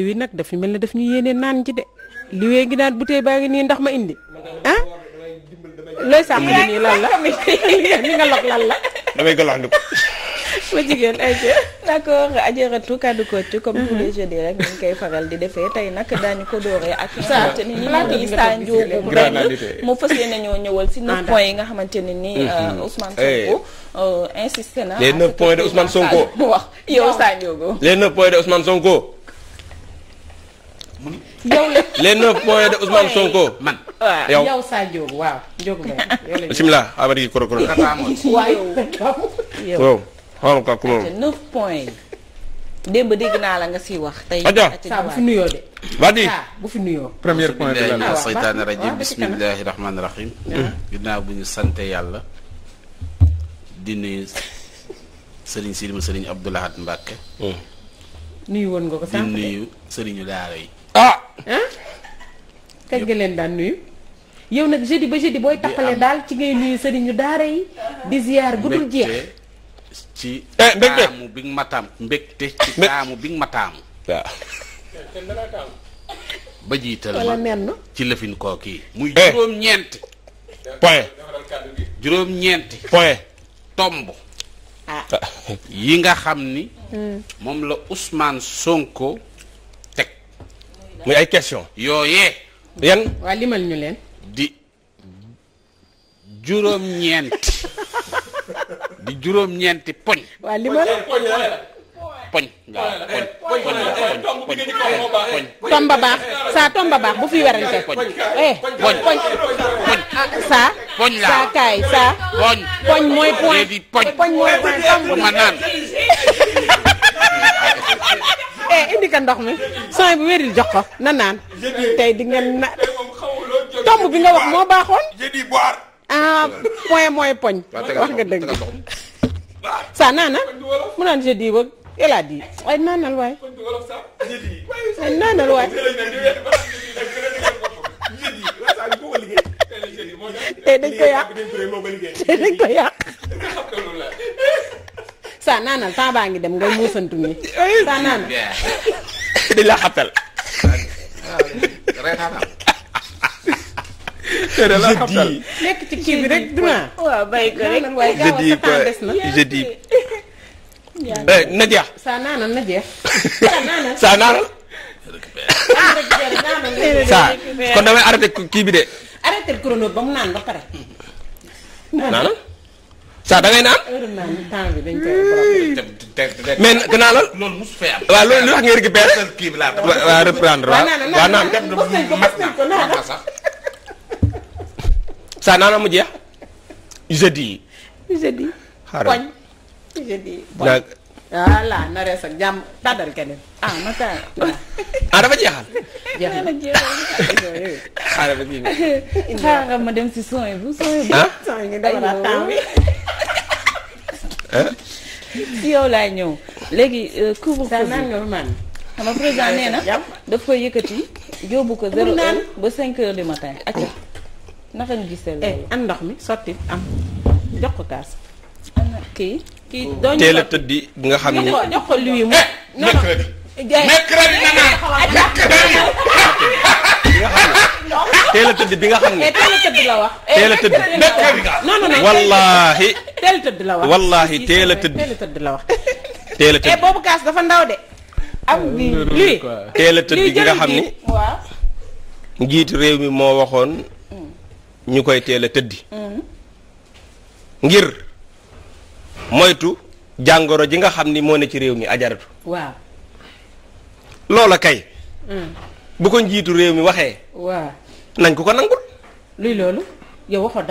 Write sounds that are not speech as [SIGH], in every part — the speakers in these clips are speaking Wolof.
liwi nag dafa mel ne daf ñu yéene naan ci de liwee gi naan bouteille baa ngi nii ndax ma indi ah looy sàmm di nii lan la [LAUGHS] li nga log lan la damay galaxndiku [LAUGHS] ma jigéen ay d'accord ajaratu kàddu kocc comme mhm. tous les jeudis rek ñu koy faral di defee tey nag daañu ko dooree ak nga xamante ni ñu ngi saa njóobu mbay mu fas yéene ñëwal si neuf points yi nga xamante ne ni mhm. euh, Ousmane Sonko euh, insisté na les neuf points de Ousmane Sonko mu wax Sonko yow la [LAUGHS] les neuf de Ousmane Sonko man. yow yow Sa waaw Ndiogou Mbaye yow la ñu. bisimilah abadi koro yi. démb dégg naa la nga si wax. tey saa ah, bu fi nuyoo de. waa di bu fi nuyoo. premier point de la seytaane rajim ah, bismillahi rahmaani rahim. Ah. ginnaaw bu ñu sante yàlla. di nuyu Serigne Sirima mm. woon nga ko sant di Daara yi. ah. kañ nga leen nuyu. yow nag jeudi ci ngay nuyu daara yi di ziar gudul jeex. ci eh, taamu bi nga nga eh. juróom-ñeenti. point juróom-ñeenti. point tomb. Ah. [LAUGHS] yi nga xam ni. Hmm. moom la usmaan Sonko. muy question yooyee yan waa limal ñu leen di juróom-ñeent di ñeenti poñ waa limal poñ poñ poñ tomba baax saa tomba baax bu fi werante poñ poñ poñ saa poñ la saa kaay saa poñ mooy point poñ mooy point man naan eh indi ka ndox mi sang bi wéril jox na naan tey di ngeen na tomb bi nga wax moo baaxoon ah point mooy poñ wax nga dëgg saa naana mu naan je dis ba il a dit waaye naanal waay waaye naanal waay tey dañ ko yàq tey dañ ko yàq saa naanal temps baa ngi dem ngay muusantu ni saa naanal. di la xatal. [LAUGHS] nekk ci kii bi rek dinaa. Oh, waaye gaaw a sa temps des na je dis eh, na saa naanal na jeex. [LAUGHS] saa naanal saa kon damay arrêté kii bi de. arrêté chrono ba mu naan ba pare. saa da ngay naan. mais gannaaw lool. loolu mos lu tax ngay récupéré. kii bi laa waaw reprendre naan naan sax. jeex. jeudi yi. jeudi. xaaral koñ. jeudi koñ. voilà na rees ak jàmm tàddal keneen ah ma taa [LAUGHS] ah dafa jeexal. [LAUGHS] si yow laay ñëw léegi couvre-feu xam nga président nee na daf koy yëkkati yóbbu ko zéro heure ba cinq heures du matin ak naka gisee loolu am ndox mi sotti am jox ko kaas am na kii kii doo teel a tëdd di nga xam ne jox ko luy mu mercredi mercredi na naan mercredi nga xam ne teel a tëdd bi nga xam ne. Eh, teel a tëdd la wax. a tëdd wallaahi. teel tëdd la wax wallaahi tëdd. Eh, boobu kaas dafa ndaw de. am bi luy teel tëdd bi nga xam ni. waaw. njiitu réew mi moo waxoon. Mm. ñu koy teel a tëddi. Mm. ngir moytu jàngoro ji nga xam ni moo ne ci réew mi ajaratu. waaw. loola kay. Mm. bu ko njiitu réew mi waxee. nañ ko ko nangul. luy loolu yow waxoo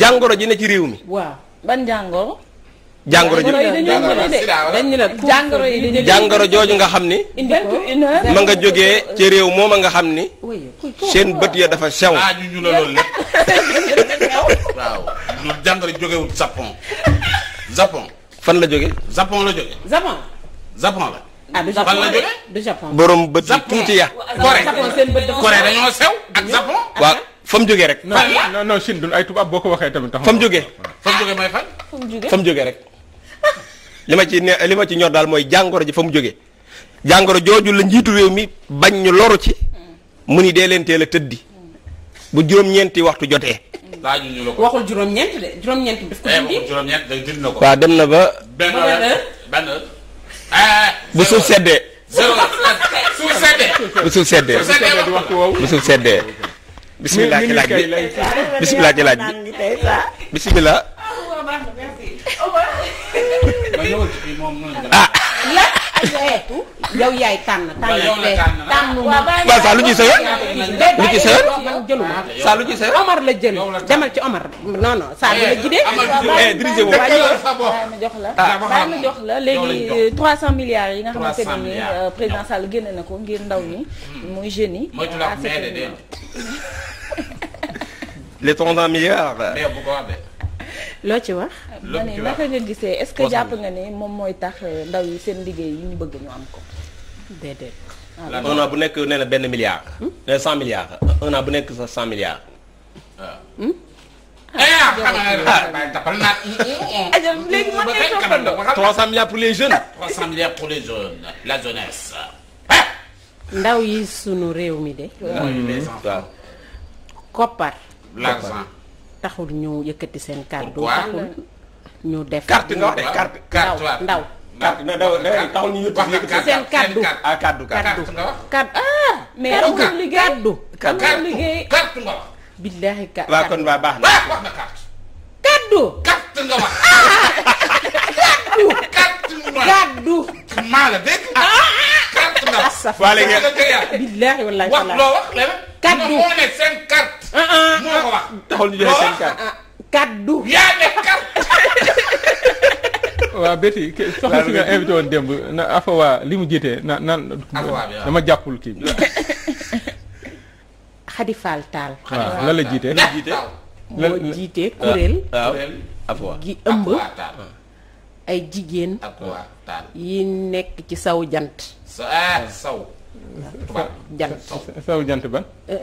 jàngoro ji ne ci réew mi. waaw ban jàngoro. jàngoro ji jooju nga xam ni. ma nga jógee ci réew moom a nga xam ni. seen bët ya dafa sew. ah loolu lépp. waaw loolu jàngoro jógewul Japon. Japon. fan la jóge Japon la jóge Japon. Japon ah du Japon du Japon borom bët yi tuuti ya. Ah, Corée ah, ah. jógee rek. non non Chine duñ ay tubaab boo ko waxee tamit. tax fa mu fa mu mooy fan. fa mu rek. li ma ci ne li ma ci ñor daal mooy jàngoro ji fa mu jógee jàngoro jooju la njiitu réew mi bañ ñu ci. mu ni dee leen teel a tëddi. bu juróom-ñeenti waxtu jotee. laajuñu waxul juróom eh, na ko. waaw dem na ba. Eh, eh, bu suuf seddee. suuf seddee. bu suuf seddee. suuf seddee waxtu woowu bu suuf seddee. bisimilah ci laaj bi bisimilah ci laaj bi bisimilah. ah. yow yaay tànn tànn. waaw saa lu ci sa yoon lu ci sa yoon jëlu ma. Ah, saa lu gisee Omar la jël demal ci Omar non non saa bi eh, la jidee eh, ma jox la ah. baa ma jox la léegi 300 euh, milliards yi nga xamante ne ni euh, président Sall génne na ko ngir ndaw ñi mooy hmm. jeunes yi ah, [LAUGHS] les 300 milliards loo ci wax ma ne naka nga gisee est-ce que jàpp nga ne moom mooy tax euh, ndaw yi seen liggéey yi ñu bëgg ñu am ko un bu nekk nee na benn milliard. Hmm? nee cent milliards un bu nekk sa cent milliards. pour les jeunes. Eh. ndaw yi sunu réew mi de. Hmm. koppar. taxul ñu yëkkati seen. kàddu taxul ñu def. carte nga wax de carte carte waaw ndaw. carte na daw taxul ñu yëkkati yëkkati seen kaddu ah kaddu kaddu kaddu ah mais am na liggéey kaddu am na liggéey carte nga wax billaahi carte waaw kon waa baax na wax na carte kaddu carte nga wax kaddu carte kaddu maa la dégg carte ah, ah, ah. nga wax waa léegi billaahi wallaahi wax loo wax léegi kaddu moo ne seen carte moo ko wax taxul ñu joxe seen carte kaddu yaa ne carte [LAUGHS] waaw Betty soxna si nga invité woon démb na Afawa li mu jiite na naan. dama jàppul kii bi. [LAUGHS] Khady Fall Tall. la jiite moo jiite kuréel. gi ëmb. ay jigéen. yi nekk ci eh, ah. saw jant. saw. jant saw jant ban. Eh.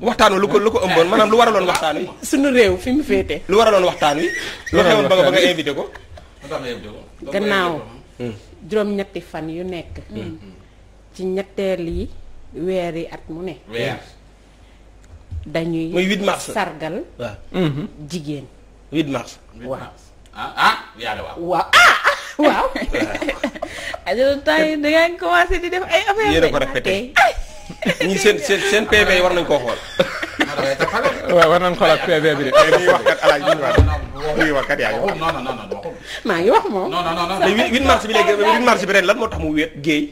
waxtaanu lu ko lu ko ëmboon maanaam lu waraloon waxtaan wi. suñu réew fi mu féete. lu waraloon waxtaan wi. lu xewoon ba nga invité ko. gannaaw hmm. hmm. juróom ñetti fan yu nekk hmm. ci ñetteel yi weer yi at mu ne dañuy muy 8 mars sargal jigéen 8 mars waaw ah, ah, waaw waaw ajol ah, [LAUGHS] yi da ngaa commencé di def ay affaire yéen a ko répété [LAUGHS] ñi seen seen seen PV yi war nañ koo xool [LAUGHS] waaw war nañ xoolaat PV bi de ñuy waxkat alaaj ñuy waxkat yaa ngi maa ngi wax moom. non non non mais 8 mars bi léegi 8 mars bi ren lan moo tax mu wéet géey.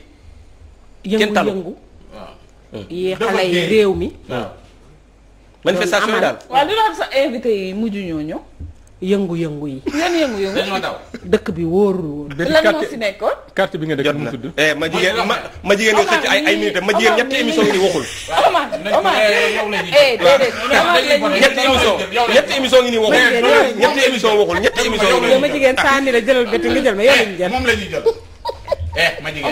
kenn talu yëngu ah. yëngu. Hmm. yi xale yi réew mi. Ah. manifestation yi daal. waaw li doon sa invité yi mujj ñoo ñëw. yëngu-yëngu yi. yan yëngu-yëngu dañoo dëkk bi wóorul woon. lan moo si bi nga dëkk na tudd. Eh, ma jigéen ma ma jigéen nga xëcc ay ay minutes ma jigéen ñetti émission yi waxul. Omar Omar a émission ñetti émission ngi nii waxul. ñetti émission waxul ñetti émission ngi nii. ma jigéen sànni la jëlal bët nga jël ma yow la ñu eh, jël. moom la ñuy jël. Eh, ma jigéen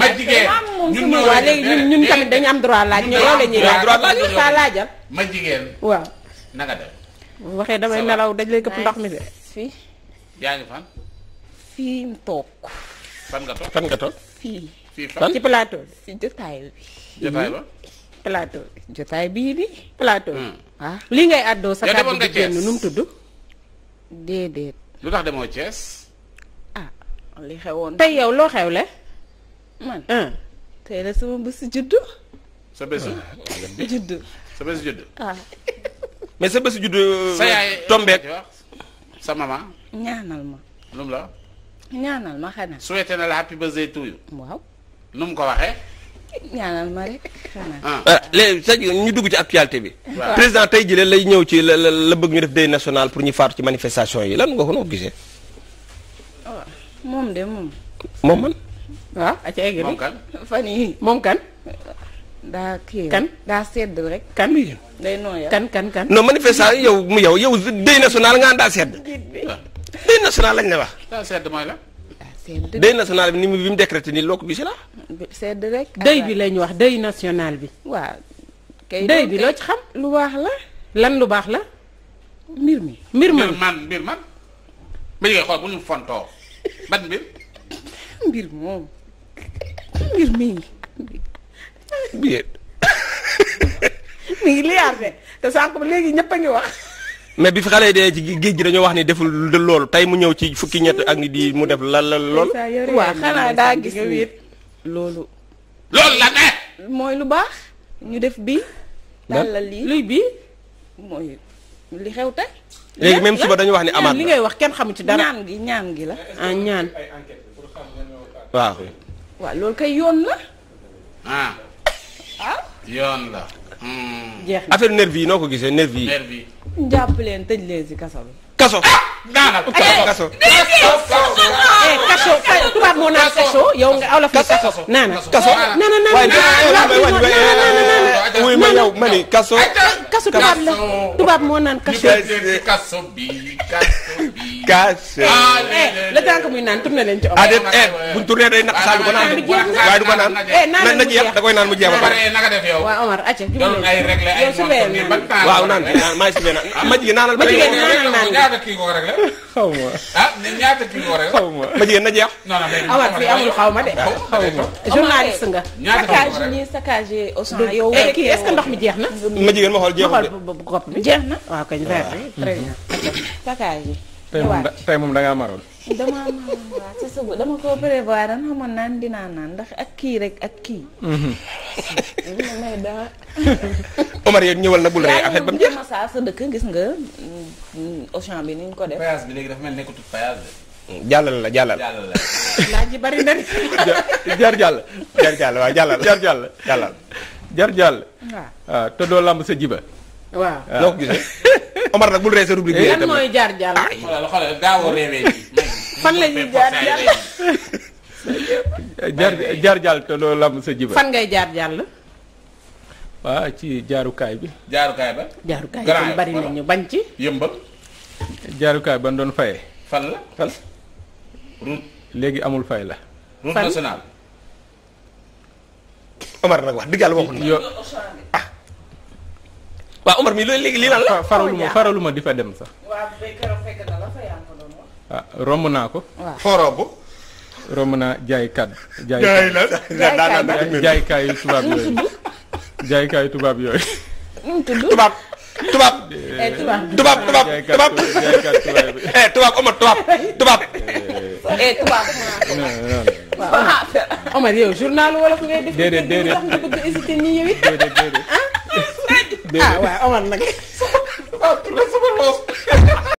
ma jigéen ñun ñoo waaw léegi ñun ñun tamit dañu am droit laaj ñoo la ñuy laaj. ma jigéen na waxee damay nelaw dañ lay këpp ndox mi de. fii. yaa ngi fan. fii mu toog. fan nga toog fan ci plateau bi. jotaay bi. jotaay ba. plateau bi jotaay bii bi plateau bi. waaw hmm. ah. lii ngay àddoo sa kàddu gi génn nu mu ah, li xewoon. tey yow loo xewle. man tey la sama bés juddu. sa bésu [LAUGHS] juddu. sa bésu juddu. waaw. Ah. mais sa bésu juddu. sa yaay tombeek euh, sa maman. ñaanal ma. lu mu la. ñaanal ma xanaa. souhaité na la happy birthday to you. waaw. nu mu ko waxee. ñaanal ma rek xanaa. ah sa ñu dugg ci actualité bi. président tey jii lay ñëw ci la la bëgg ñu def deuil national pour ñu faatu ci manifestation yi lan nga ko noo gisee. Oh, moom de moom. moom man. waaw. Ah, moom kan fan yii moom kan. daa kii kan daa sedd rek. kan day nooyal kan kan kan. non manifestant yow mu yow yow deuil national nga daa sedd. waaw national lañ la wax. daa sedd mooy national bi ni mu bi mu décrété nii loo ko gisee la. sedd rek. deuil bi lañ wax deuil national bi. waaw. kay deuil bi loo ci xam. lu baax la. lan lu baax la. mbir mi mbir man mbir man mbir mi. billet. mi ngi liyaar de te sànq léegi ñëpp a ngi wax. mais bi fi xale dee ci géej gi dañoo wax ni deful loolu tey mu ñëw ci fukki ñett ak nit yi mu def lan la lool. waaw xanaa daa gis wéet loolu. loolu la ne. mooy lu baax ñu def bii. lan la lii luy bii mooy li xew tey. léegi même suba dañu wax ni amaat li ngay wax kenn xamu ci dara ñaan gi ñaan gi la. ah ñaan. waaw. waaw loolu kay yoon la. Ah. yoon la. jeex na nervi noo ko gisee nervi yi. nervi yi. jàpp leen te leen si kaso bi. kaso. daanaka kaso tubaab moo naan kaso yow nga aw la fi kaso. naana kaso naana naana naana naana naana naana naana kasu tubaab la tubaab moo naan kasu. kasu bi kasu bi. kasu. Ah, eh, le temps que muy naan tourné leen ci. ah eh, déet bu ñu tourné day naq saa bi ko naan waaye du ko naan. naan la mu eh, jeex da koy naan mu jeex ba pare. naka def yow. waaw Omar acca jublu yow subee naan waaw naan maa ngi subee ah. naan ma jigéen naanal. ma jigéen naanal naan ñaata kii ko rek la. xaw ma ah ñaata kii ko rek la. xaw ma ma jigéen na jeex. non non Omar fii amul xaw ma de. xaw ma journaliste nga. ñaata kii ko rek saccage ñi saccage Ousmane yow. est-ce que ndox mi jeex na. ma jigéen ma xool jeex joxal gopp bi jeex na waaw kañ vert bi très bien bagage yi tey moom da ngaa maroon dama maroon waaw ci suba dama ko prévoir an naan dinaa naan ndax ak kii rek ak kii mhm. [LAUGHS] may daa Omar yow ñëwal na bul rey affaire ba saa sa dëkk gis nga mm, Auchan bi ni ñu ko def péage bi mel nekkatu péage jàllal la jàllal laaj yi bari na jar jàll jar jàll waaw jàll jàllal jar jàll waaw ah, te doo làmb sa jiba waaw noo ah. ko gisee. [LAUGHS] Omar nag bul ree sa rubrique bi. lan mooy jaar jaar [LAUGHS] fan la jaar jaar jaar jaar te loolu la sa jiba fan ngay jaar jaar la. ci jaarukaay bi. jaarukaay ba. jaarukaay bi bari nañu bañ ci. yëmbal. jaarukaay ban doon fayee. fan la fan. léegi amul fay la. route Omar nag wax dëgg yàlla waxuñu. waaw Omar mi loolu léegi lii lan la. faraluma faraluma di fa dem sax. waaw keroog fekk na la fa yaa ko doon wax. ah romb naa ko. waaw foo romb. romb naa jaay kat. jaay kat jaay la jaay kaayu tubaab yooyu jaay kaayu tubaab yooyu. Eh, eh, tubaab. tubaab tubaab tubaab tubaab eh tubaab Omar tubaab tubaab. eh, eh tubaab. Omar yow journal wala fu ngay def. déedéet déedéet nga bëgg hésité nii yow it. Ah? déedéet déedéet. Ah? ah waaw Omar nag. [LAUGHS] Ah,